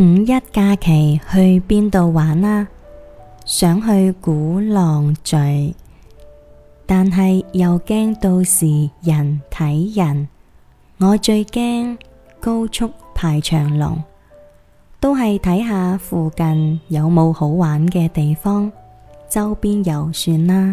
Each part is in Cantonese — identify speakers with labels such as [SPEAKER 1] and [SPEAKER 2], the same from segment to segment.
[SPEAKER 1] 五一假期去邊度玩啊？想去鼓浪嶼，但係又驚到時人睇人。我最驚高速排長龍，都係睇下附近有冇好玩嘅地方。周邊遊算啦，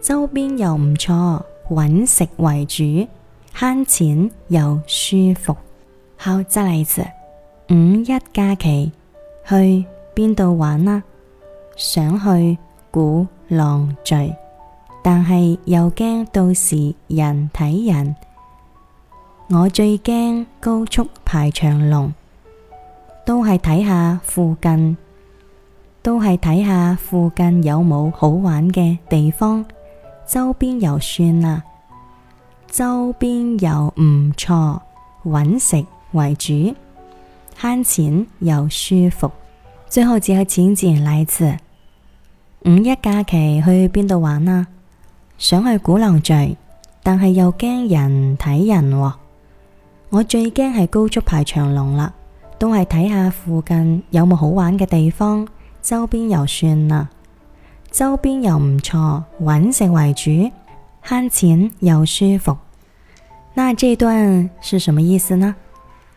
[SPEAKER 1] 周邊又唔錯，揾食為主，慳錢又舒服。好，再嚟一次。五一假期去邊度玩啊？想去鼓浪嶼，但係又驚到時人睇人。我最驚高速排長龍，都係睇下附近，都係睇下附近有冇好玩嘅地方。周邊遊算啦，周邊遊唔錯，揾食為主。慳錢又舒服，最後只有錢自嚟，次五一假期去邊度玩啊？想去鼓浪嶼，但係又驚人睇人。哦，我最驚係高速排長龍啦。都係睇下附近有冇好玩嘅地方，周邊遊算啦。周邊遊唔錯，搵食為主，慳錢又舒服。那這段是什麼意思呢？